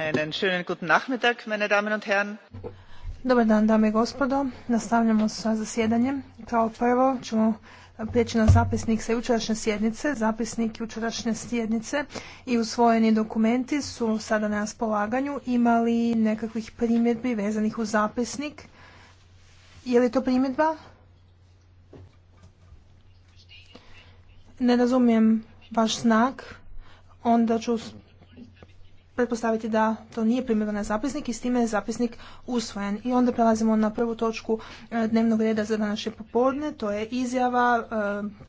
Einen schönen guten Dobar dan, dame i gospodo. Nastavljamo sa zasjedanjem. Kao prvo ćemo prijeći na zapisnik sa jučerašnje sjednice. Zapisnik jučerašnje sjednice i usvojeni dokumenti su sada na raspolaganju. Imali nekakvih primjedbi vezanih u zapisnik? Je li to primjedba? Ne razumijem vaš znak. Onda ću pretpostaviti da to nije primjerno na zapisnik i s time je zapisnik usvojen. I onda prelazimo na prvu točku e, dnevnog reda za današnje popodne, to je izjava e,